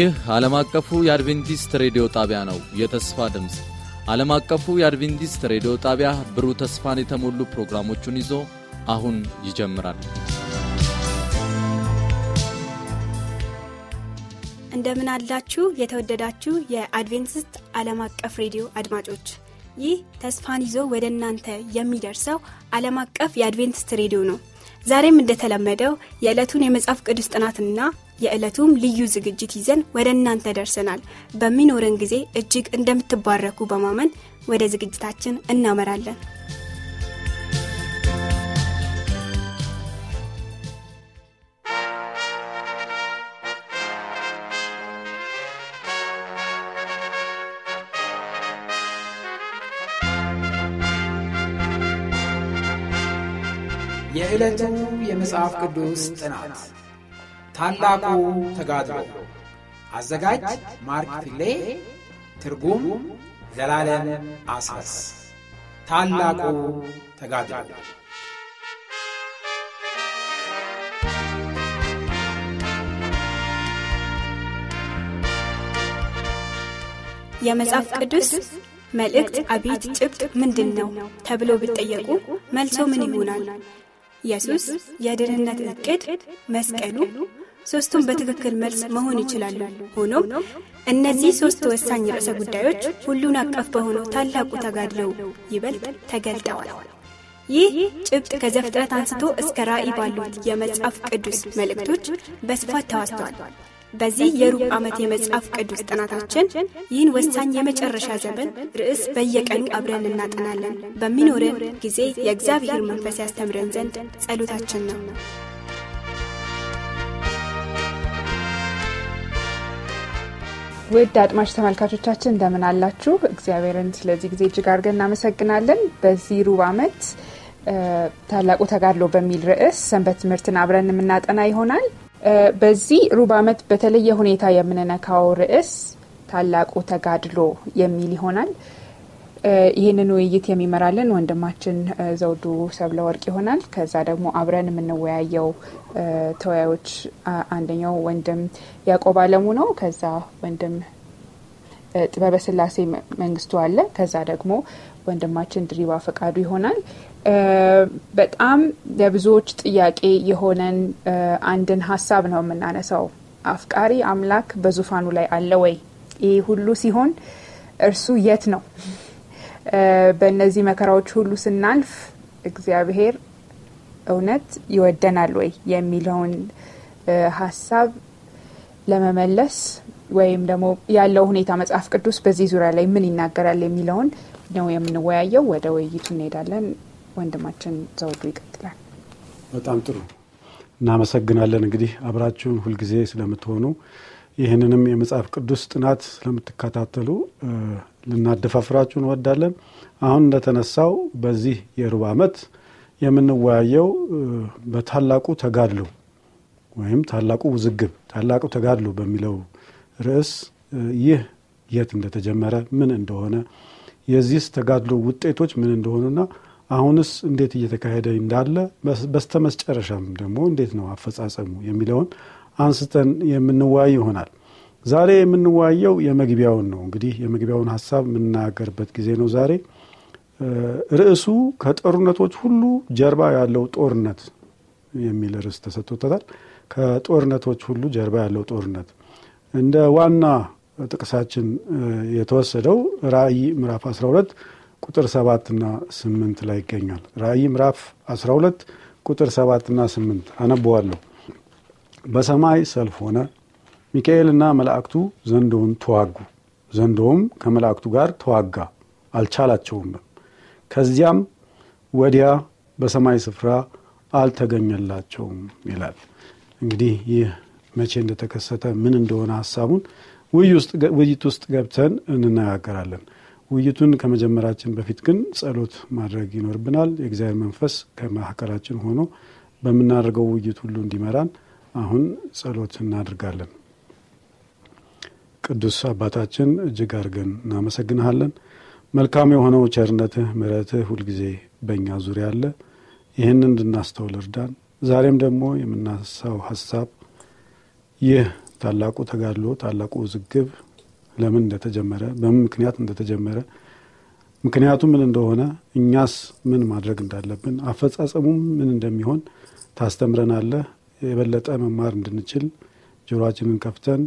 ይህ ዓለም አቀፉ የአድቬንቲስት ሬዲዮ ጣቢያ ነው። የተስፋ ድምፅ ዓለም አቀፉ የአድቬንቲስት ሬዲዮ ጣቢያ ብሩህ ተስፋን የተሞሉ ፕሮግራሞቹን ይዞ አሁን ይጀምራል። እንደምን አላችሁ የተወደዳችሁ የአድቬንቲስት ዓለም አቀፍ ሬዲዮ አድማጮች። ይህ ተስፋን ይዞ ወደ እናንተ የሚደርሰው ዓለም አቀፍ የአድቬንቲስት ሬዲዮ ነው። ዛሬም እንደተለመደው የዕለቱን የመጽሐፍ ቅዱስ ጥናትና የዕለቱም ልዩ ዝግጅት ይዘን ወደ እናንተ ደርሰናል። በሚኖረን ጊዜ እጅግ እንደምትባረኩ በማመን ወደ ዝግጅታችን እናመራለን። የዕለቱ የመጽሐፍ ቅዱስ ጥናት ታላቁ ተጋድሎ አዘጋጅ ማርክ ፊሌ፣ ትርጉም ዘላለም አሳስ ታላቁ ተጋድሎ የመጽሐፍ ቅዱስ መልእክት አቤት ጭብጥ ምንድን ነው ተብሎ ቢጠየቁ መልሶ ምን ይሆናል? ኢየሱስ የድህንነት እቅድ መስቀሉ ሶስቱም በትክክል መልስ መሆን ይችላሉ። ሆኖም እነዚህ ሶስት ወሳኝ ርዕሰ ጉዳዮች ሁሉን አቀፍ በሆነው ታላቁ ተጋድለው ይበልጥ ተገልጠዋል። ይህ ጭብጥ ከዘፍጥረት አንስቶ እስከ ራእይ ባሉት የመጽሐፍ ቅዱስ መልእክቶች በስፋት ተዋስተዋል። በዚህ የሩብ ዓመት የመጽሐፍ ቅዱስ ጥናታችን ይህን ወሳኝ የመጨረሻ ዘመን ርዕስ በየቀኑ አብረን እናጠናለን። በሚኖረን ጊዜ የእግዚአብሔር መንፈስ ያስተምረን ዘንድ ጸሎታችን ነው። ውድ አድማጭ ተመልካቾቻችን እንደምን አላችሁ? እግዚአብሔርን ስለዚህ ጊዜ እጅግ አድርገን እናመሰግናለን። በዚህ ሩብ አመት ታላቁ ተጋድሎ በሚል ርዕስ ሰንበት ትምህርትን አብረን የምናጠና ይሆናል። በዚህ ሩብ ዓመት በተለየ ሁኔታ የምንነካው ርዕስ ታላቁ ተጋድሎ የሚል ይሆናል። ይህንን ውይይት የሚመራልን ወንድማችን ዘውዱ ሰብለ ወርቅ ይሆናል። ከዛ ደግሞ አብረን የምንወያየው ተወያዮች አንደኛው ወንድም ያዕቆብ አለሙ ነው። ከዛ ወንድም ጥበበ ስላሴ መንግስቱ አለ። ከዛ ደግሞ ወንድማችን ድሪባ ፈቃዱ ይሆናል። በጣም ለብዙዎች ጥያቄ የሆነን አንድን ሀሳብ ነው የምናነሳው። አፍቃሪ አምላክ በዙፋኑ ላይ አለ ወይ? ይህ ሁሉ ሲሆን እርሱ የት ነው? በእነዚህ መከራዎች ሁሉ ስናልፍ እግዚአብሔር እውነት ይወደናል ወይ የሚለውን ሀሳብ ለመመለስ ወይም ደግሞ ያለው ሁኔታ መጽሐፍ ቅዱስ በዚህ ዙሪያ ላይ ምን ይናገራል የሚለውን ነው የምንወያየው። ወደ ውይይቱ እንሄዳለን። ወንድማችን ዘውዱ ይቀጥላል። በጣም ጥሩ እናመሰግናለን። እንግዲህ አብራችሁን ሁልጊዜ ስለምትሆኑ ይህንንም የመጽሐፍ ቅዱስ ጥናት ስለምትከታተሉ ልናደፋፍራችሁ እንወዳለን። አሁን እንደተነሳው በዚህ የሩብ ዓመት የምንወያየው በታላቁ ተጋድሎ ወይም ታላቁ ውዝግብ፣ ታላቁ ተጋድሎ በሚለው ርዕስ ይህ የት እንደተጀመረ ምን እንደሆነ የዚህስ ተጋድሎ ውጤቶች ምን እንደሆኑና አሁንስ እንዴት እየተካሄደ እንዳለ በስተመስጨረሻም ደግሞ እንዴት ነው አፈጻጸሙ የሚለውን አንስተን የምንወያይ ይሆናል። ዛሬ የምንወያየው የመግቢያውን ነው። እንግዲህ የመግቢያውን ሀሳብ የምናገርበት ጊዜ ነው ዛሬ። ርዕሱ ከጦርነቶች ሁሉ ጀርባ ያለው ጦርነት የሚል ርዕስ ተሰጥቶታል። ከጦርነቶች ሁሉ ጀርባ ያለው ጦርነት እንደ ዋና ጥቅሳችን የተወሰደው ራእይ ምዕራፍ 12 ቁጥር 7 ና 8 ላይ ይገኛል። ራእይ ምዕራፍ 12 ቁጥር 7 ና 8 አነበዋለሁ። በሰማይ ሰልፍ ሆነ ሚካኤልና መላእክቱ ዘንዶውን ተዋጉ። ዘንዶውም ከመላእክቱ ጋር ተዋጋ፣ አልቻላቸውም። ከዚያም ወዲያ በሰማይ ስፍራ አልተገኘላቸውም ይላል። እንግዲህ ይህ መቼ እንደተከሰተ ምን እንደሆነ ሀሳቡን ውይይት ውስጥ ገብተን እንነጋገራለን። ውይይቱን ከመጀመራችን በፊት ግን ጸሎት ማድረግ ይኖርብናል። የእግዚአብሔር መንፈስ ከመካከላችን ሆኖ በምናደርገው ውይይት ሁሉ እንዲመራን አሁን ጸሎት እናድርጋለን። ቅዱስ አባታችን እጅግ አድርገን እናመሰግንሃለን። መልካም የሆነው ቸርነትህ፣ ምረትህ ሁልጊዜ በእኛ ዙሪያ አለ። ይህን እንድናስተውል እርዳን። ዛሬም ደግሞ የምናሳው ሀሳብ ይህ ታላቁ ተጋድሎ ታላቁ ውዝግብ ለምን እንደተጀመረ በምን ምክንያት እንደተጀመረ ምክንያቱ ምን እንደሆነ እኛስ ምን ማድረግ እንዳለብን አፈጻጸሙም ምን እንደሚሆን ታስተምረናለህ። የበለጠ መማር እንድንችል ጆሮችንን ከፍተን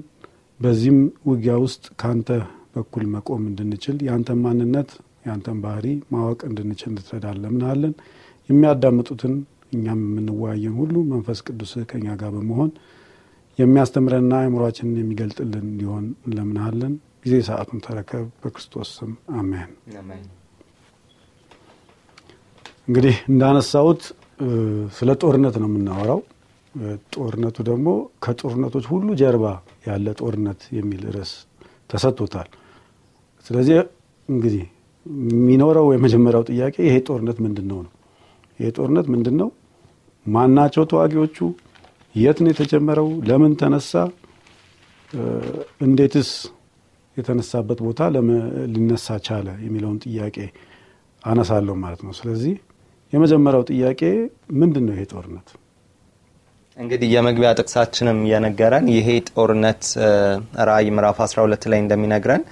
በዚህም ውጊያ ውስጥ ካንተ በኩል መቆም እንድንችል ያንተን ማንነት ያንተን ባህሪ ማወቅ እንድንችል እንድትረዳ እንለምንሃለን። የሚያዳምጡትን እኛም የምንወያየን ሁሉ መንፈስ ቅዱስ ከኛ ጋር በመሆን የሚያስተምረንና አእምሯችንን የሚገልጥልን እንዲሆን እንለምንሃለን። ጊዜ ሰአቱን ተረከብ። በክርስቶስ ስም አሜን። እንግዲህ እንዳነሳውት ስለ ጦርነት ነው የምናወራው። ጦርነቱ ደግሞ ከጦርነቶች ሁሉ ጀርባ ያለ ጦርነት የሚል ርዕስ ተሰጥቶታል። ስለዚህ እንግዲህ የሚኖረው የመጀመሪያው ጥያቄ ይሄ ጦርነት ምንድን ነው ነው። ይሄ ጦርነት ምንድን ነው? ማናቸው ተዋጊዎቹ? የት ነው የተጀመረው? ለምን ተነሳ? እንዴትስ የተነሳበት ቦታ ሊነሳ ቻለ የሚለውን ጥያቄ አነሳለሁ ማለት ነው። ስለዚህ የመጀመሪያው ጥያቄ ምንድን ነው ይሄ ጦርነት እንግዲህ የመግቢያ ጥቅሳችንም የነገረን ይሄ ጦርነት ራእይ ምዕራፍ 12 ላይ እንደሚነግረን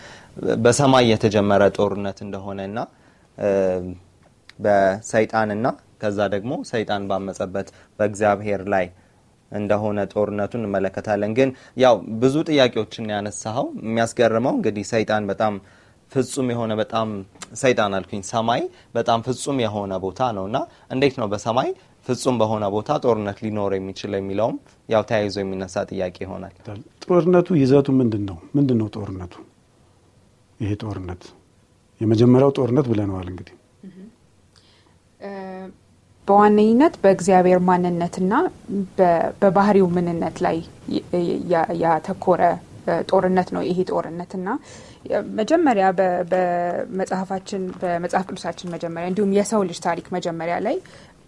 በሰማይ የተጀመረ ጦርነት እንደሆነ እንደሆነና በሰይጣንና ከዛ ደግሞ ሰይጣን ባመጸበት በእግዚአብሔር ላይ እንደሆነ ጦርነቱን እንመለከታለን። ግን ያው ብዙ ጥያቄዎችን ያነሳኸው የሚያስገርመው እንግዲህ ሰይጣን በጣም ፍጹም የሆነ በጣም ሰይጣን አልኩኝ፣ ሰማይ በጣም ፍጹም የሆነ ቦታ ነው እና እንዴት ነው በሰማይ ፍጹም በሆነ ቦታ ጦርነት ሊኖር የሚችል የሚለውም ያው ተያይዞ የሚነሳ ጥያቄ ይሆናል። ጦርነቱ ይዘቱ ምንድን ነው? ምንድን ነው ጦርነቱ? ይሄ ጦርነት የመጀመሪያው ጦርነት ብለነዋል። እንግዲህ በዋነኝነት በእግዚአብሔር ማንነትና በባህሪው ምንነት ላይ ያተኮረ ጦርነት ነው ይሄ ጦርነት እና መጀመሪያ በመጽሐፋችን በመጽሐፍ ቅዱሳችን መጀመሪያ እንዲሁም የሰው ልጅ ታሪክ መጀመሪያ ላይ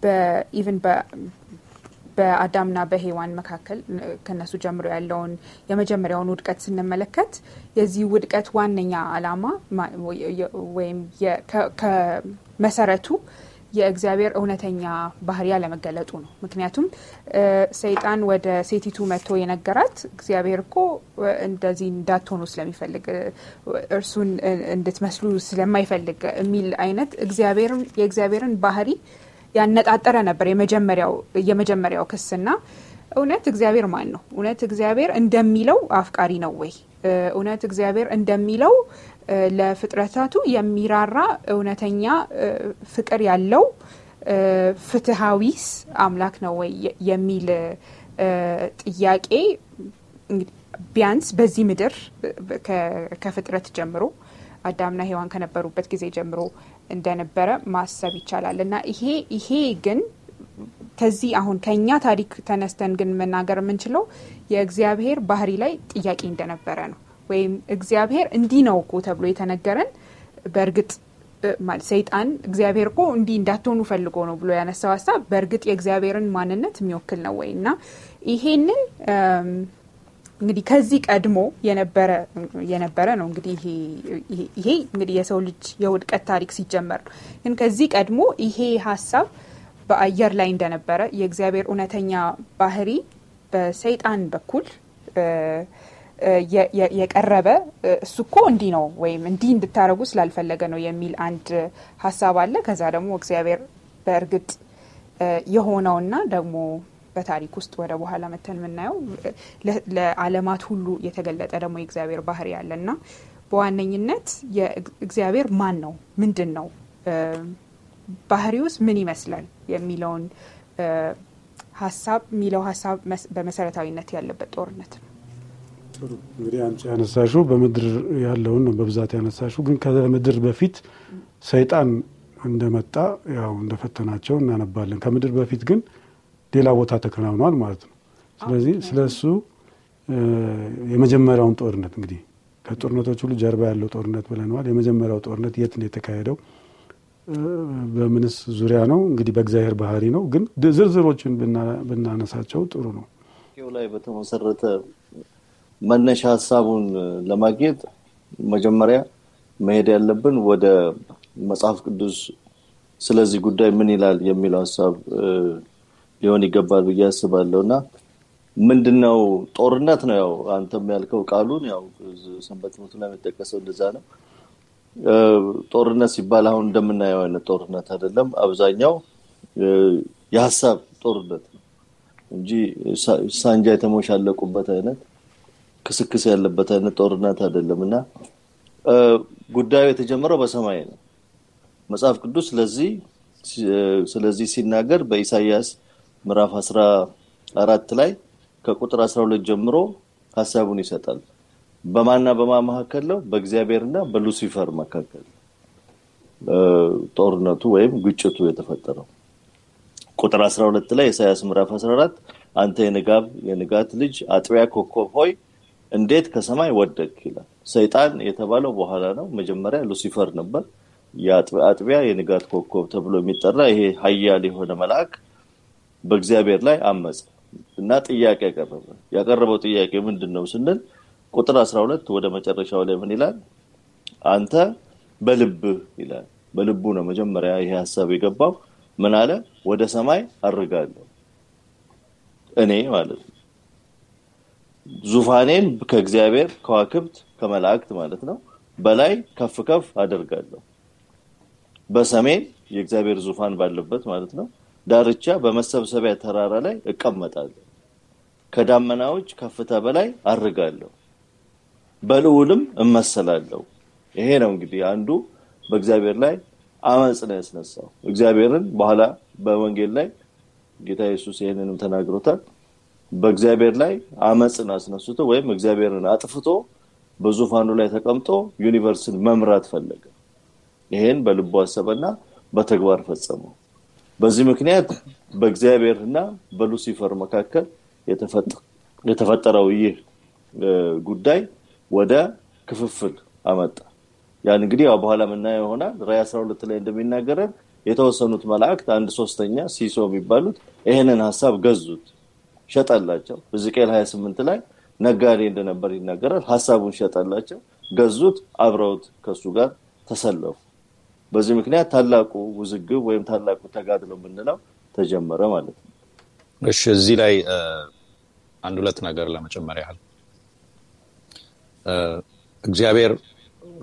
በኢቨን በአዳምና በሄዋን መካከል ከነሱ ጀምሮ ያለውን የመጀመሪያውን ውድቀት ስንመለከት የዚህ ውድቀት ዋነኛ አላማ ወይም ከመሰረቱ የእግዚአብሔር እውነተኛ ባህሪ ያለመገለጡ ነው። ምክንያቱም ሰይጣን ወደ ሴቲቱ መጥቶ የነገራት እግዚአብሔር እኮ እንደዚህ እንዳትሆኑ ስለሚፈልግ እርሱን እንድትመስሉ ስለማይፈልግ የሚል አይነት የእግዚአብሔርን ባህሪ ያነጣጠረ ነበር የመጀመሪያው ክስና እውነት እግዚአብሔር ማን ነው? እውነት እግዚአብሔር እንደሚለው አፍቃሪ ነው ወይ? እውነት እግዚአብሔር እንደሚለው ለፍጥረታቱ የሚራራ እውነተኛ ፍቅር ያለው ፍትሃዊስ አምላክ ነው ወይ የሚል ጥያቄ ቢያንስ በዚህ ምድር ከፍጥረት ጀምሮ አዳምና ሔዋን ከነበሩበት ጊዜ ጀምሮ እንደነበረ ማሰብ ይቻላል እና ይሄ ይሄ ግን ከዚህ አሁን ከእኛ ታሪክ ተነስተን ግን መናገር የምንችለው የእግዚአብሔር ባህሪ ላይ ጥያቄ እንደነበረ ነው። ወይም እግዚአብሔር እንዲህ ነው እኮ ተብሎ የተነገረን በእርግጥ ማለት ሰይጣን እግዚአብሔር እኮ እንዲህ እንዳትሆኑ ፈልጎ ነው ብሎ ያነሳው ሀሳብ በእርግጥ የእግዚአብሔርን ማንነት የሚወክል ነው ወይ እና ይሄንን እንግዲህ ከዚህ ቀድሞ የነበረ የነበረ ነው። እንግዲህ ይሄ እንግዲህ የሰው ልጅ የውድቀት ታሪክ ሲጀመር ነው። ግን ከዚህ ቀድሞ ይሄ ሀሳብ በአየር ላይ እንደነበረ የእግዚአብሔር እውነተኛ ባህሪ በሰይጣን በኩል የቀረበ እሱ እኮ እንዲህ ነው ወይም እንዲህ እንድታደረጉ ስላልፈለገ ነው የሚል አንድ ሀሳብ አለ። ከዛ ደግሞ እግዚአብሔር በእርግጥ የሆነውና ደግሞ በታሪክ ውስጥ ወደ በኋላ መተን የምናየው ለዓለማት ሁሉ የተገለጠ ደግሞ የእግዚአብሔር ባህሪ ና በዋነኝነት የእግዚአብሔር ማን ነው፣ ምንድን ነው፣ ባህሪውስ ምን ይመስላል የሚለውን ሀሳብ የሚለው ሀሳብ በመሰረታዊነት ያለበት ጦርነት ጥሩ እንግዲህ አንቺ ያነሳሹ በምድር ያለውን ነው በብዛት ያነሳሹ። ግን ከምድር በፊት ሰይጣን እንደመጣ ያው እንደፈተናቸው እናነባለን። ከምድር በፊት ግን ሌላ ቦታ ተከናውኗል ማለት ነው። ስለዚህ ስለ እሱ የመጀመሪያውን ጦርነት እንግዲህ ከጦርነቶች ሁሉ ጀርባ ያለው ጦርነት ብለነዋል። የመጀመሪያው ጦርነት የት ነው የተካሄደው? በምንስ ዙሪያ ነው? እንግዲህ በእግዚአብሔር ባህሪ ነው። ግን ዝርዝሮችን ብናነሳቸው ጥሩ ነው። ላይ በተመሰረተ መነሻ ሀሳቡን ለማግኘት መጀመሪያ መሄድ ያለብን ወደ መጽሐፍ ቅዱስ ስለዚህ ጉዳይ ምን ይላል የሚለው ሀሳብ ሊሆን ይገባል ብዬ አስባለሁ እና ምንድነው ጦርነት ነው ያው አንተም ያልከው ቃሉን ያው ሰንበት ትምህርቱ ላይ የሚጠቀሰው እንደዛ ነው። ጦርነት ሲባል አሁን እንደምናየው አይነት ጦርነት አይደለም። አብዛኛው የሀሳብ ጦርነት ነው እንጂ ሳንጃ የተሞሻለቁበት አይነት ክስክስ ያለበት አይነት ጦርነት አይደለም እና ጉዳዩ የተጀመረው በሰማይ ነው። መጽሐፍ ቅዱስ ስለዚህ ስለዚህ ሲናገር በኢሳያስ ምዕራፍ አስራ አራት ላይ ከቁጥር 12 ጀምሮ ሀሳቡን ይሰጣል። በማና በማ መካከል ነው? በእግዚአብሔርና በሉሲፈር መካከል ጦርነቱ ወይም ግጭቱ የተፈጠረው። ቁጥር 12 ላይ ኢሳያስ ምዕራፍ 14 አንተ የንጋብ የንጋት ልጅ አጥቢያ ኮከብ ሆይ እንዴት ከሰማይ ወደቅ ይላል። ሰይጣን የተባለው በኋላ ነው። መጀመሪያ ሉሲፈር ነበር። የአጥቢያ የንጋት ኮከብ ተብሎ የሚጠራ ይሄ ሀያል የሆነ መልአክ በእግዚአብሔር ላይ አመፀ እና ጥያቄ ያቀረበ ያቀረበው ጥያቄ ምንድን ነው ስንል ቁጥር 12 ወደ መጨረሻው ላይ ምን ይላል? አንተ በልብህ ይላል። በልቡ ነው መጀመሪያ ይሄ ሀሳብ የገባው። ምን አለ? ወደ ሰማይ አርጋለሁ እኔ ማለት ነው ዙፋኔን ከእግዚአብሔር ከዋክብት ከመላእክት ማለት ነው በላይ ከፍ ከፍ አደርጋለሁ። በሰሜን የእግዚአብሔር ዙፋን ባለበት ማለት ነው ዳርቻ በመሰብሰቢያ ተራራ ላይ እቀመጣለሁ፣ ከዳመናዎች ከፍታ በላይ አርጋለሁ፣ በልዑልም እመሰላለሁ። ይሄ ነው እንግዲህ አንዱ በእግዚአብሔር ላይ አመፅ ነው ያስነሳው። እግዚአብሔርን በኋላ በወንጌል ላይ ጌታ ኢየሱስ ይህንንም ተናግሮታል። በእግዚአብሔር ላይ አመፅን አስነስቶ ወይም እግዚአብሔርን አጥፍቶ በዙፋኑ ላይ ተቀምጦ ዩኒቨርስን መምራት ፈለገ። ይሄን በልቡ አሰበና በተግባር ፈጸመው። በዚህ ምክንያት በእግዚአብሔርና በሉሲፈር መካከል የተፈጠረው ይህ ጉዳይ ወደ ክፍፍል አመጣ። ያን እንግዲህ ያው በኋላ የምናየው ይሆናል። ራይ 12 ላይ እንደሚናገረን የተወሰኑት መላእክት አንድ ሶስተኛ ሲሶ የሚባሉት ይህንን ሀሳብ ገዙት፣ ሸጠላቸው። ሕዝቅኤል 28 ላይ ነጋዴ እንደነበር ይናገራል። ሀሳቡን ሸጠላቸው፣ ገዙት፣ አብረውት ከሱ ጋር ተሰለፉ። በዚህ ምክንያት ታላቁ ውዝግብ ወይም ታላቁ ተጋድሎ የምንለው ተጀመረ ማለት ነው። እሺ እዚህ ላይ አንድ ሁለት ነገር ለመጨመር ያህል እግዚአብሔር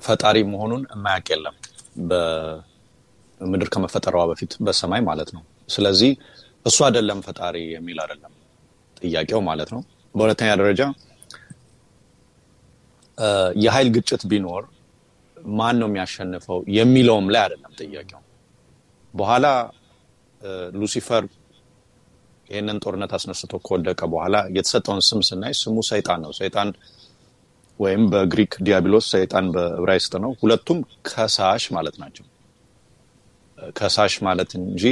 ፈጣሪ መሆኑን የማያውቅ የለም፣ በምድር ከመፈጠረዋ በፊት በሰማይ ማለት ነው። ስለዚህ እሱ አይደለም ፈጣሪ የሚል አይደለም ጥያቄው ማለት ነው። በሁለተኛ ደረጃ የኃይል ግጭት ቢኖር ማን ነው የሚያሸንፈው የሚለውም ላይ አይደለም ጥያቄው። በኋላ ሉሲፈር ይህንን ጦርነት አስነስቶ ከወደቀ በኋላ የተሰጠውን ስም ስናይ ስሙ ሰይጣን ነው። ሰይጣን ወይም በግሪክ ዲያብሎስ፣ ሰይጣን በዕብራይስጥ ነው። ሁለቱም ከሳሽ ማለት ናቸው። ከሳሽ ማለት እንጂ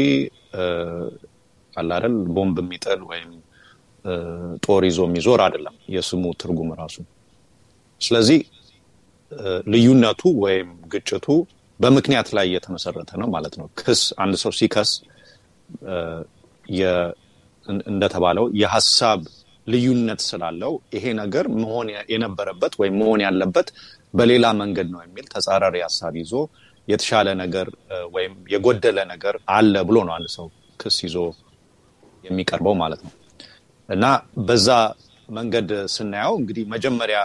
አላደል ቦምብ የሚጥል ወይም ጦር ይዞ የሚዞር አይደለም የስሙ ትርጉም ራሱ። ስለዚህ ልዩነቱ ወይም ግጭቱ በምክንያት ላይ እየተመሰረተ ነው ማለት ነው። ክስ አንድ ሰው ሲከስ እንደተባለው የሀሳብ ልዩነት ስላለው ይሄ ነገር መሆን የነበረበት ወይም መሆን ያለበት በሌላ መንገድ ነው የሚል ተጻራሪ ሀሳብ ይዞ የተሻለ ነገር ወይም የጎደለ ነገር አለ ብሎ ነው አንድ ሰው ክስ ይዞ የሚቀርበው ማለት ነው። እና በዛ መንገድ ስናየው እንግዲህ መጀመሪያ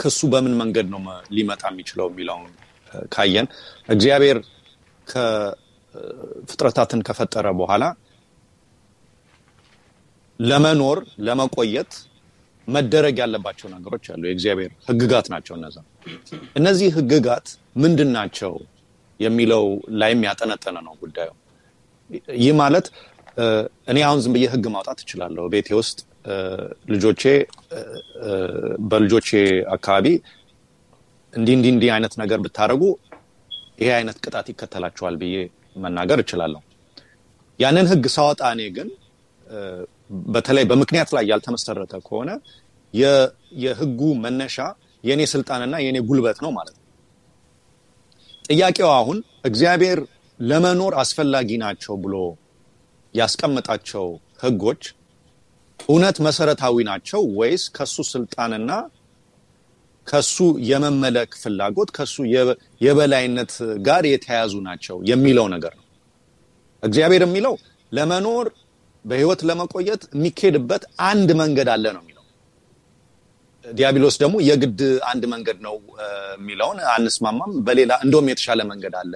ክሱ በምን መንገድ ነው ሊመጣ የሚችለው የሚለውን ካየን እግዚአብሔር ፍጥረታትን ከፈጠረ በኋላ ለመኖር ለመቆየት መደረግ ያለባቸው ነገሮች አሉ። የእግዚአብሔር ህግጋት ናቸው እነዛ። እነዚህ ህግጋት ምንድን ናቸው የሚለው ላይም ያጠነጠነ ነው ጉዳዩ። ይህ ማለት እኔ አሁን ዝም ብዬ ህግ ማውጣት እችላለሁ። ቤቴ ውስጥ ልጆቼ በልጆቼ አካባቢ እንዲህ እንዲህ እንዲህ አይነት ነገር ብታደረጉ ይሄ አይነት ቅጣት ይከተላቸዋል ብዬ መናገር እችላለሁ። ያንን ህግ ሳወጣ እኔ ግን በተለይ በምክንያት ላይ ያልተመሰረተ ከሆነ የህጉ መነሻ የእኔ ስልጣንና የእኔ ጉልበት ነው ማለት ነው። ጥያቄው አሁን እግዚአብሔር ለመኖር አስፈላጊ ናቸው ብሎ ያስቀመጣቸው ህጎች እውነት መሰረታዊ ናቸው ወይስ ከሱ ስልጣንና ከሱ የመመለክ ፍላጎት ከሱ የበላይነት ጋር የተያያዙ ናቸው የሚለው ነገር ነው። እግዚአብሔር የሚለው ለመኖር በህይወት ለመቆየት የሚካሄድበት አንድ መንገድ አለ ነው የሚለው። ዲያብሎስ ደግሞ የግድ አንድ መንገድ ነው የሚለውን አንስማማም፣ በሌላ እንደውም የተሻለ መንገድ አለ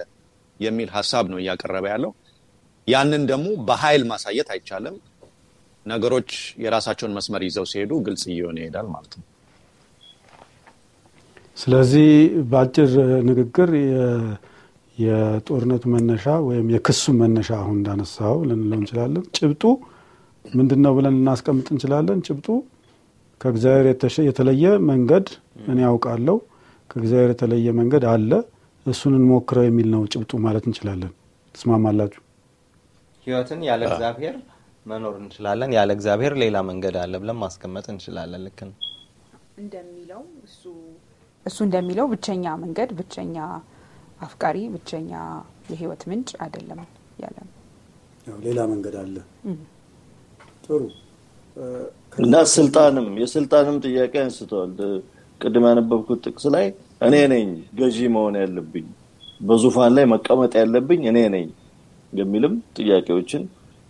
የሚል ሀሳብ ነው እያቀረበ ያለው። ያንን ደግሞ በኃይል ማሳየት አይቻልም። ነገሮች የራሳቸውን መስመር ይዘው ሲሄዱ ግልጽ እየሆነ ይሄዳል ማለት ነው። ስለዚህ በአጭር ንግግር የጦርነቱ መነሻ ወይም የክሱ መነሻ አሁን እንዳነሳው ልንለው እንችላለን። ጭብጡ ምንድን ነው ብለን ልናስቀምጥ እንችላለን። ጭብጡ ከእግዚአብሔር የተለየ መንገድ እኔ ያውቃለው፣ ከእግዚአብሔር የተለየ መንገድ አለ፣ እሱን እንሞክረው የሚል ነው ጭብጡ ማለት እንችላለን። ትስማማላችሁ? ህይወትን ያለ እግዚአብሔር መኖር እንችላለን። ያለ እግዚአብሔር ሌላ መንገድ አለ ብለን ማስቀመጥ እንችላለን። ልክ ነው እንደሚለው እሱ እሱ እንደሚለው ብቸኛ መንገድ፣ ብቸኛ አፍቃሪ፣ ብቸኛ የህይወት ምንጭ አይደለም ያለ ሌላ መንገድ አለ። ጥሩ እና ስልጣንም የስልጣንም ጥያቄ አንስተዋል። ቅድም ያነበብኩት ጥቅስ ላይ እኔ ነኝ ገዢ መሆን ያለብኝ፣ በዙፋን ላይ መቀመጥ ያለብኝ እኔ ነኝ የሚልም ጥያቄዎችን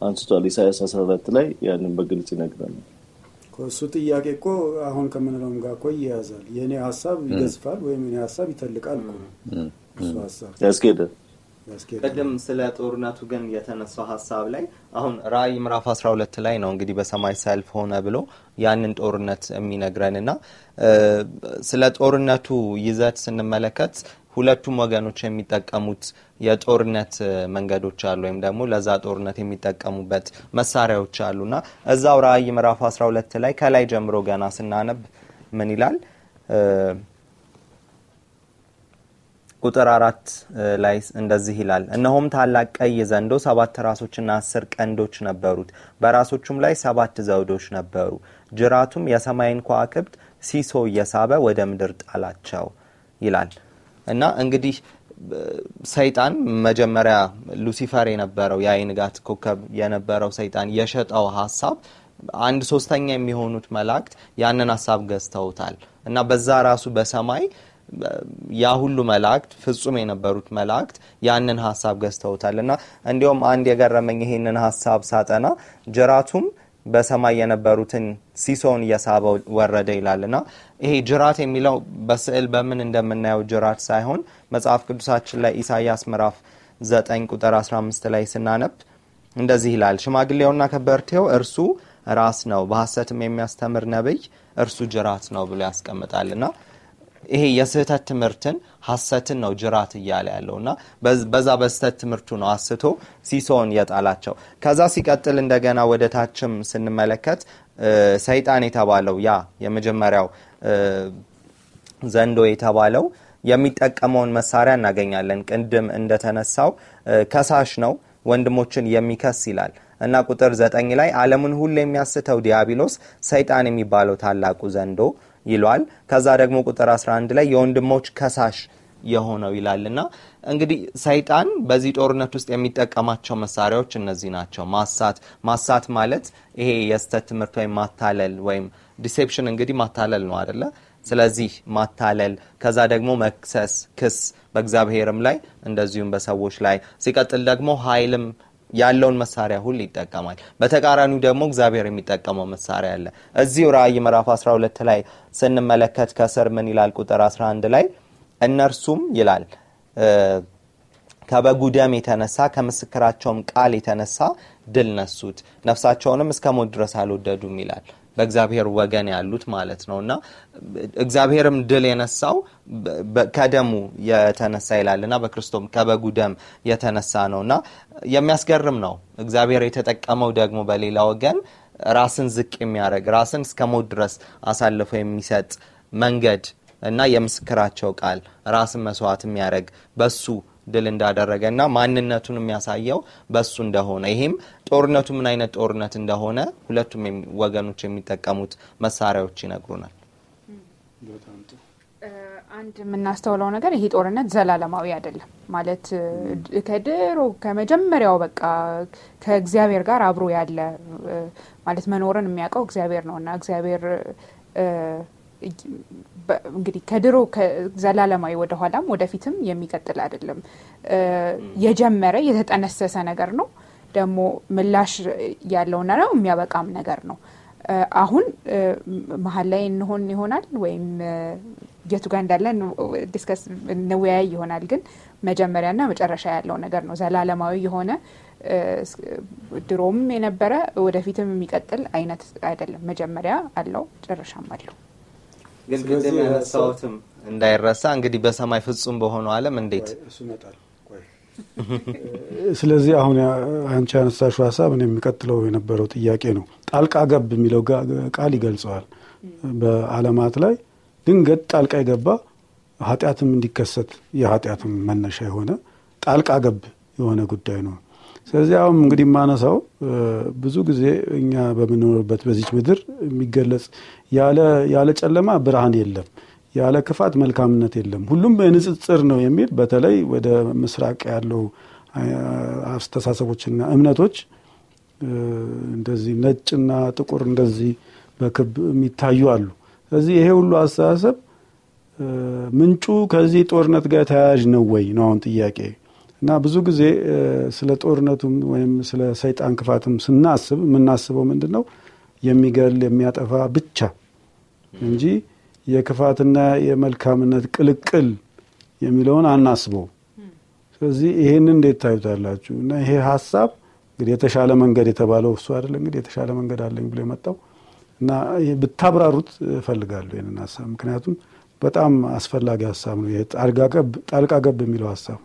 አንስቷል። ኢሳያስ 14 ላይ ያንን በግልጽ ይነግረናል። እሱ ጥያቄ እኮ አሁን ከምንለውም ጋር እኮ ይያዛል። የእኔ ሀሳብ ይገዝፋል ወይም የኔ ሀሳብ ይተልቃል እኮ ያስኬዳል። ቅድም ስለ ጦርነቱ ግን የተነሳው ሀሳብ ላይ አሁን ራእይ ምዕራፍ 12 ላይ ነው እንግዲህ በሰማይ ሰልፍ ሆነ ብሎ ያንን ጦርነት የሚነግረን እና ስለ ጦርነቱ ይዘት ስንመለከት ሁለቱም ወገኖች የሚጠቀሙት የጦርነት መንገዶች አሉ፣ ወይም ደግሞ ለዛ ጦርነት የሚጠቀሙበት መሳሪያዎች አሉና እዛው ራእይ ምዕራፍ 12 ላይ ከላይ ጀምሮ ገና ስናነብ ምን ይላል? ቁጥር አራት ላይ እንደዚህ ይላል፣ እነሆም ታላቅ ቀይ ዘንዶ ሰባት ራሶችና አስር ቀንዶች ነበሩት፣ በራሶቹም ላይ ሰባት ዘውዶች ነበሩ። ጅራቱም የሰማይን ከዋክብት ሲሶ እየሳበ ወደ ምድር ጣላቸው ይላል። እና እንግዲህ ሰይጣን መጀመሪያ ሉሲፈር የነበረው የአይንጋት የንጋት ኮከብ የነበረው ሰይጣን የሸጠው ሀሳብ አንድ ሶስተኛ የሚሆኑት መላእክት ያንን ሀሳብ ገዝተውታል እና በዛ ራሱ በሰማይ ያ ሁሉ መላእክት ፍጹም የነበሩት መላእክት ያንን ሀሳብ ገዝተውታል እና እንዲሁም አንድ የገረመኝ ይሄንን ሀሳብ ሳጠና ጅራቱም በሰማይ የነበሩትን ሲሶውን እየሳበ ወረደ ይላል ና ይሄ ጅራት የሚለው በስዕል በምን እንደምናየው ጅራት ሳይሆን መጽሐፍ ቅዱሳችን ላይ ኢሳያስ ምዕራፍ 9 ቁጥር 15 ላይ ስናነብ እንደዚህ ይላል፣ ሽማግሌውና ከበርቴው እርሱ ራስ ነው፣ በሐሰትም የሚያስተምር ነብይ እርሱ ጅራት ነው ብሎ ያስቀምጣል ና ይሄ የስህተት ትምህርትን ሐሰትን ነው ጅራት እያለ ያለው እና በዛ በስህተት ትምህርቱ ነው አስቶ ሲሶን የጣላቸው። ከዛ ሲቀጥል እንደገና ወደ ታችም ስንመለከት ሰይጣን የተባለው ያ የመጀመሪያው ዘንዶ የተባለው የሚጠቀመውን መሳሪያ እናገኛለን። ቅድም እንደተነሳው ከሳሽ ነው፣ ወንድሞችን የሚከስ ይላል እና ቁጥር ዘጠኝ ላይ ዓለምን ሁሉ የሚያስተው ዲያብሎስ ሰይጣን የሚባለው ታላቁ ዘንዶ ይሏል። ከዛ ደግሞ ቁጥር 11 ላይ የወንድሞች ከሳሽ የሆነው ይላል እና እንግዲህ ሰይጣን በዚህ ጦርነት ውስጥ የሚጠቀማቸው መሳሪያዎች እነዚህ ናቸው። ማሳት ማሳት ማለት ይሄ የስተት ትምህርት ወይም ማታለል ወይም ዲሴፕሽን እንግዲህ ማታለል ነው አደለ? ስለዚህ ማታለል፣ ከዛ ደግሞ መክሰስ፣ ክስ በእግዚአብሔርም ላይ እንደዚሁም በሰዎች ላይ ሲቀጥል ደግሞ ሀይልም ያለውን መሳሪያ ሁሉ ይጠቀማል። በተቃራኒው ደግሞ እግዚአብሔር የሚጠቀመው መሳሪያ አለ። እዚሁ ራእይ ምዕራፍ 12 ላይ ስንመለከት ከስር ምን ይላል? ቁጥር 11 ላይ እነርሱም ይላል ከበጉ ደም የተነሳ ከምስክራቸውም ቃል የተነሳ ድል ነሱት፣ ነፍሳቸውንም እስከ ሞት ድረስ አልወደዱም ይላል። በእግዚአብሔር ወገን ያሉት ማለት ነው እና እግዚአብሔርም ድል የነሳው ከደሙ የተነሳ ይላል ና በክርስቶም ከበጉ ደም የተነሳ ነው እና የሚያስገርም ነው። እግዚአብሔር የተጠቀመው ደግሞ በሌላ ወገን ራስን ዝቅ የሚያደርግ ራስን እስከ ሞት ድረስ አሳልፎ የሚሰጥ መንገድ እና የምስክራቸው ቃል ራስን መስዋዕት የሚያደርግ በሱ ድል እንዳደረገ እና ማንነቱን የሚያሳየው በሱ እንደሆነ ይህም ጦርነቱ ምን አይነት ጦርነት እንደሆነ ሁለቱም ወገኖች የሚጠቀሙት መሳሪያዎች ይነግሩናል። አንድ የምናስተውለው ነገር ይሄ ጦርነት ዘላለማዊ አይደለም። ማለት ከድሮ ከመጀመሪያው በቃ ከእግዚአብሔር ጋር አብሮ ያለ ማለት መኖርን የሚያውቀው እግዚአብሔር ነው እና እግዚአብሔር እንግዲህ ከድሮ ዘላለማዊ ወደኋላም ወደፊትም የሚቀጥል አይደለም። የጀመረ የተጠነሰሰ ነገር ነው። ደግሞ ምላሽ ያለውና ነው የሚያበቃም ነገር ነው። አሁን መሀል ላይ እንሆን ይሆናል ወይም የቱ ጋር እንዳለን ዲስከስ እንወያይ ይሆናል። ግን መጀመሪያና መጨረሻ ያለው ነገር ነው። ዘላለማዊ የሆነ ድሮም የነበረ ወደፊትም የሚቀጥል አይነት አይደለም። መጀመሪያ አለው፣ ጨረሻም አለው። ግን ቅድም ያነሳሁትም እንዳይረሳ እንግዲህ በሰማይ ፍጹም በሆነው አለም እንዴት ስለዚህ አሁን አንቺ አነሳሹ ሀሳብ እኔ የሚቀጥለው የነበረው ጥያቄ ነው። ጣልቃ ገብ የሚለው ቃል ይገልጸዋል። በአለማት ላይ ድንገት ጣልቃ የገባ ኃጢአትም እንዲከሰት የኃጢአትም መነሻ የሆነ ጣልቃ ገብ የሆነ ጉዳይ ነው። ስለዚህ አሁን እንግዲህ የማነሳው ብዙ ጊዜ እኛ በምንኖርበት በዚች ምድር የሚገለጽ ያለ ጨለማ ብርሃን የለም፣ ያለ ክፋት መልካምነት የለም፣ ሁሉም በንጽጽር ነው የሚል በተለይ ወደ ምስራቅ ያለው አስተሳሰቦችና እምነቶች እንደዚህ ነጭና ጥቁር እንደዚህ በክብ የሚታዩ አሉ። ስለዚህ ይሄ ሁሉ አስተሳሰብ ምንጩ ከዚህ ጦርነት ጋር ተያያዥ ነው ወይ ነው አሁን ጥያቄ። እና ብዙ ጊዜ ስለ ጦርነቱም ወይም ስለ ሰይጣን ክፋትም ስናስብ የምናስበው ምንድን ነው የሚገል የሚያጠፋ ብቻ እንጂ የክፋትና የመልካምነት ቅልቅል የሚለውን አናስበው። ስለዚህ ይሄን እንዴት ታዩታላችሁ? እና ይሄ ሀሳብ እንግዲህ የተሻለ መንገድ የተባለው እሱ አይደለ? እንግዲህ የተሻለ መንገድ አለኝ ብሎ የመጣው እና ብታብራሩት እፈልጋለሁ ይህንን ሀሳብ፣ ምክንያቱም በጣም አስፈላጊ ሀሳብ ነው። ጣልቃ ገብ የሚለው ሀሳብ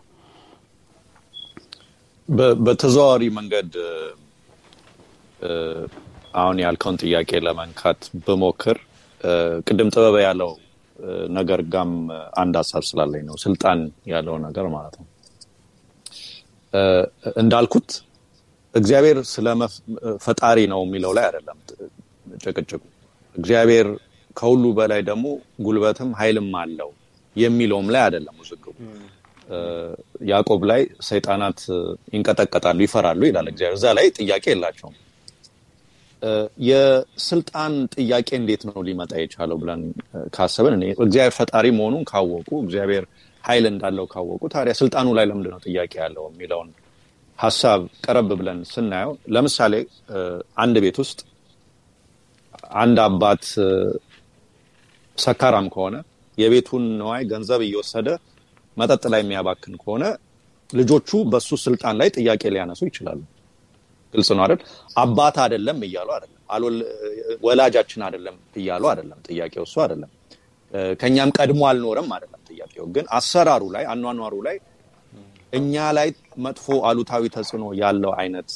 በተዘዋዋሪ መንገድ አሁን ያልከውን ጥያቄ ለመንካት ብሞክር ቅድም ጥበበ ያለው ነገር ጋም አንድ ሀሳብ ስላለኝ ነው። ስልጣን ያለው ነገር ማለት ነው። እንዳልኩት እግዚአብሔር ስለ ፈጣሪ ነው የሚለው ላይ አይደለም ጭቅጭቁ። እግዚአብሔር ከሁሉ በላይ ደግሞ ጉልበትም ኃይልም አለው የሚለውም ላይ አይደለም ውዝግቡ። ያዕቆብ ላይ ሰይጣናት ይንቀጠቀጣሉ፣ ይፈራሉ ይላል እግዚአብሔር። እዛ ላይ ጥያቄ የላቸውም። የስልጣን ጥያቄ እንዴት ነው ሊመጣ የቻለው ብለን ካሰብን እግዚአብሔር ፈጣሪ መሆኑን ካወቁ፣ እግዚአብሔር ሀይል እንዳለው ካወቁ፣ ታዲያ ስልጣኑ ላይ ነው ጥያቄ ያለው የሚለውን ሀሳብ ቀረብ ብለን ስናየው ለምሳሌ አንድ ቤት ውስጥ አንድ አባት ሰካራም ከሆነ የቤቱን ነዋይ ገንዘብ እየወሰደ መጠጥ ላይ የሚያባክን ከሆነ ልጆቹ በሱ ስልጣን ላይ ጥያቄ ሊያነሱ ይችላሉ። ግልጽ ነው አይደል? አባት አይደለም እያሉ አይደለም፣ ወላጃችን አይደለም እያሉ አይደለም። ጥያቄው እሱ አይደለም። ከእኛም ቀድሞ አልኖረም አይደለም ጥያቄው። ግን አሰራሩ ላይ አኗኗሩ ላይ እኛ ላይ መጥፎ አሉታዊ ተጽዕኖ ያለው አይነት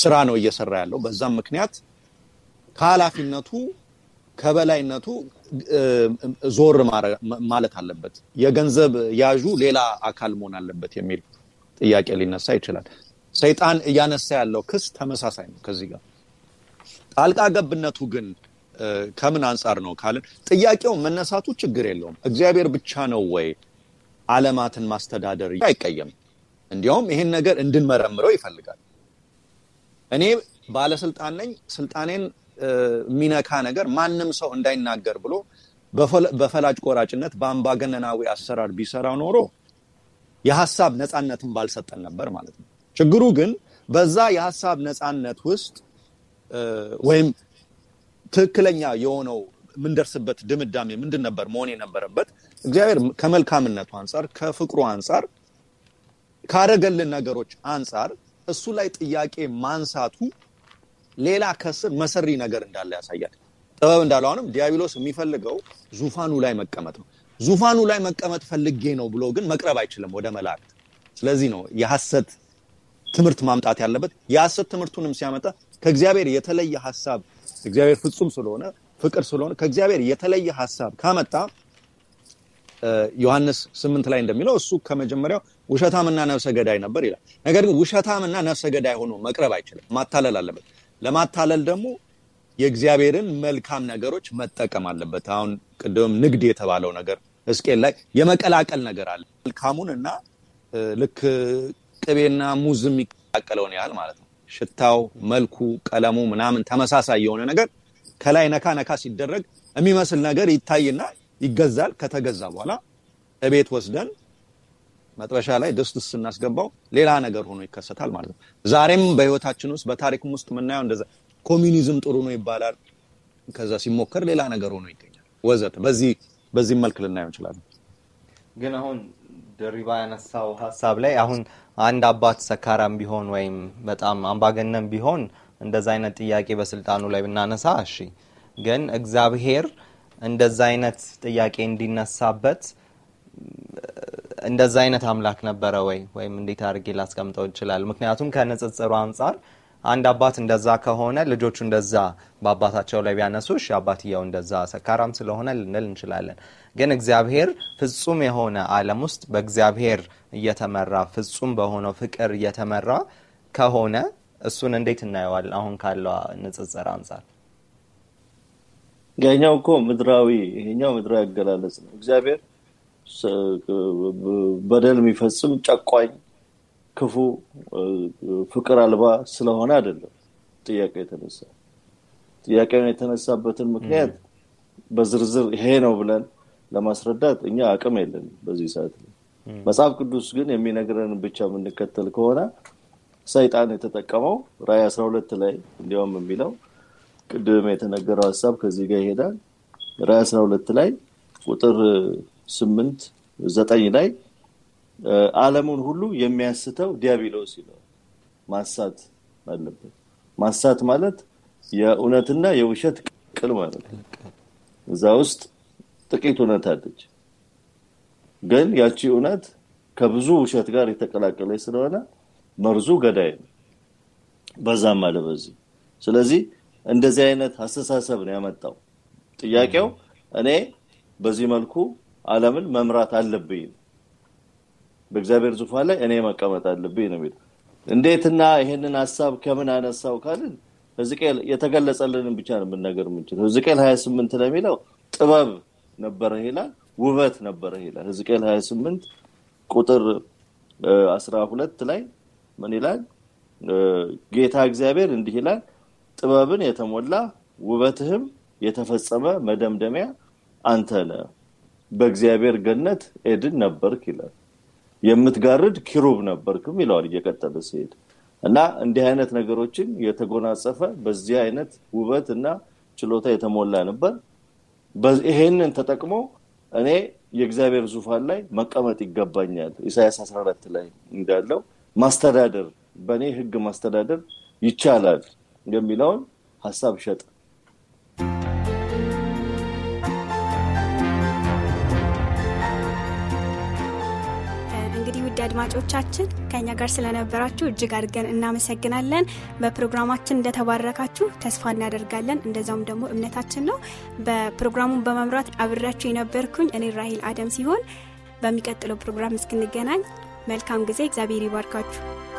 ስራ ነው እየሰራ ያለው። በዛም ምክንያት ከሀላፊነቱ ከበላይነቱ ዞር ማለት አለበት፣ የገንዘብ ያዡ ሌላ አካል መሆን አለበት የሚል ጥያቄ ሊነሳ ይችላል። ሰይጣን እያነሳ ያለው ክስ ተመሳሳይ ነው ከዚህ ጋር። ጣልቃ ገብነቱ ግን ከምን አንጻር ነው ካለን ጥያቄው መነሳቱ ችግር የለውም። እግዚአብሔር ብቻ ነው ወይ አለማትን ማስተዳደር አይቀየም። እንዲያውም ይሄን ነገር እንድንመረምረው ይፈልጋል። እኔ ባለስልጣን ነኝ፣ ስልጣኔን የሚነካ ነገር ማንም ሰው እንዳይናገር ብሎ በፈላጭ ቆራጭነት በአምባገነናዊ አሰራር ቢሰራ ኖሮ የሀሳብ ነፃነትን ባልሰጠን ነበር ማለት ነው። ችግሩ ግን በዛ የሀሳብ ነፃነት ውስጥ ወይም ትክክለኛ የሆነው የምንደርስበት ድምዳሜ ምንድን ነበር መሆን የነበረበት? እግዚአብሔር ከመልካምነቱ አንጻር፣ ከፍቅሩ አንጻር፣ ካረገልን ነገሮች አንጻር እሱ ላይ ጥያቄ ማንሳቱ ሌላ ከስር መሰሪ ነገር እንዳለ ያሳያል። ጥበብ እንዳለው አሁንም ዲያብሎስ የሚፈልገው ዙፋኑ ላይ መቀመጥ ነው። ዙፋኑ ላይ መቀመጥ ፈልጌ ነው ብሎ ግን መቅረብ አይችልም ወደ መላእክት። ስለዚህ ነው የሐሰት ትምህርት ማምጣት ያለበት። የሐሰት ትምህርቱንም ሲያመጣ ከእግዚአብሔር የተለየ ሐሳብ እግዚአብሔር ፍጹም ስለሆነ ፍቅር ስለሆነ ከእግዚአብሔር የተለየ ሀሳብ ካመጣ ዮሐንስ ስምንት ላይ እንደሚለው እሱ ከመጀመሪያው ውሸታምና ነፍሰ ገዳይ ነበር ይላል። ነገር ግን ውሸታምና ነፍሰ ገዳይ ሆኖ መቅረብ አይችልም። ማታለል አለበት። ለማታለል ደግሞ የእግዚአብሔርን መልካም ነገሮች መጠቀም አለበት። አሁን ቅድም ንግድ የተባለው ነገር ሕዝቅኤል ላይ የመቀላቀል ነገር አለ። መልካሙን እና ልክ ቅቤና ሙዝ የሚቀላቀለውን ያህል ማለት ነው። ሽታው፣ መልኩ፣ ቀለሙ ምናምን ተመሳሳይ የሆነ ነገር ከላይ ነካ ነካ ሲደረግ የሚመስል ነገር ይታይና ይገዛል። ከተገዛ በኋላ እቤት ወስደን መጥበሻ ላይ ድስት ስናስገባው ሌላ ነገር ሆኖ ይከሰታል ማለት ነው። ዛሬም በህይወታችን ውስጥ በታሪክም ውስጥ የምናየው እንደዛ ኮሚኒዝም ጥሩ ነው ይባላል፣ ከዛ ሲሞከር ሌላ ነገር ሆኖ ይገኛል ወዘተ። በዚህ በዚህ መልክ ልናየው እንችላለን። ግን አሁን ደሪባ ያነሳው ሀሳብ ላይ አሁን አንድ አባት ሰካራም ቢሆን ወይም በጣም አምባገነን ቢሆን እንደዛ አይነት ጥያቄ በስልጣኑ ላይ ብናነሳ እሺ። ግን እግዚአብሔር እንደዛ አይነት ጥያቄ እንዲነሳበት እንደዛ አይነት አምላክ ነበረ ወይ ወይም እንዴት አድርጌ ላስቀምጠው ይችላል? ምክንያቱም ከንጽጽሩ አንጻር አንድ አባት እንደዛ ከሆነ ልጆቹ እንደዛ በአባታቸው ላይ ቢያነሱ እሺ አባትየው እንደዛ ሰካራም ስለሆነ ልንል እንችላለን። ግን እግዚአብሔር ፍጹም የሆነ አለም ውስጥ በእግዚአብሔር እየተመራ ፍጹም በሆነው ፍቅር እየተመራ ከሆነ እሱን እንዴት እናየዋለን? አሁን ካለው ንጽጽር አንጻር ገኛው እኮ ምድራዊ ይሄኛው ምድራዊ አገላለጽ ነው። እግዚአብሔር በደል የሚፈጽም ጨቋኝ፣ ክፉ፣ ፍቅር አልባ ስለሆነ አይደለም ጥያቄ የተነሳ። ጥያቄውን የተነሳበትን ምክንያት በዝርዝር ይሄ ነው ብለን ለማስረዳት እኛ አቅም የለን በዚህ ሰዓት ላይ። መጽሐፍ ቅዱስ ግን የሚነግረን ብቻ የምንከተል ከሆነ ሰይጣን የተጠቀመው ራይ አስራ ሁለት ላይ እንዲያውም የሚለው ቅድም የተነገረው ሀሳብ ከዚህ ጋር ይሄዳል። ራይ አስራ ሁለት ላይ ቁጥር ስምንት ዘጠኝ ላይ ዓለሙን ሁሉ የሚያስተው ዲያብሎስ ይለዋል። ማሳት አለበት። ማሳት ማለት የእውነትና የውሸት ቅል ማለት ነው። እዛ ውስጥ ጥቂት እውነት አለች። ግን ያቺ እውነት ከብዙ ውሸት ጋር የተቀላቀለ ስለሆነ መርዙ ገዳይ ነው። በዛም አለ በዚህ። ስለዚህ እንደዚህ አይነት አስተሳሰብ ነው ያመጣው። ጥያቄው እኔ በዚህ መልኩ ዓለምን መምራት አለብኝ በእግዚአብሔር ዙፋን ላይ እኔ መቀመጥ አለብኝ ነው የሚለው። እንዴትና ይሄንን ሀሳብ ከምን አነሳው ካልን ህዝቅኤል የተገለጸልንን ብቻ ነው የምንነገር ምንችል ህዝቅኤል 28 ለሚለው ጥበብ ነበረ ይላል፣ ውበት ነበረ ይላል። ህዝቅኤል 28 ቁጥር 12 ላይ ምን ይላል? ጌታ እግዚአብሔር እንዲህ ይላል፣ ጥበብን የተሞላ ውበትህም የተፈጸመ መደምደሚያ አንተ ነህ በእግዚአብሔር ገነት ኤድን ነበርክ ይላል። የምትጋርድ ኪሩብ ነበርክም ይለዋል እየቀጠለ ሲሄድ እና እንዲህ አይነት ነገሮችን የተጎናጸፈ በዚህ አይነት ውበት እና ችሎታ የተሞላ ነበር። ይሄንን ተጠቅሞ እኔ የእግዚአብሔር ዙፋን ላይ መቀመጥ ይገባኛል። ኢሳያስ 14 ላይ እንዳለው ማስተዳደር በእኔ ህግ ማስተዳደር ይቻላል የሚለውን ሀሳብ ሸጥ እንግዲህ ውድ አድማጮቻችን ከኛ ጋር ስለነበራችሁ እጅግ አድርገን እናመሰግናለን። በፕሮግራማችን እንደተባረካችሁ ተስፋ እናደርጋለን። እንደዛውም ደግሞ እምነታችን ነው። በፕሮግራሙን በመምራት አብሬያችሁ የነበርኩኝ እኔ ራሂል አደም ሲሆን በሚቀጥለው ፕሮግራም እስክንገናኝ መልካም ጊዜ፣ እግዚአብሔር ይባርካችሁ።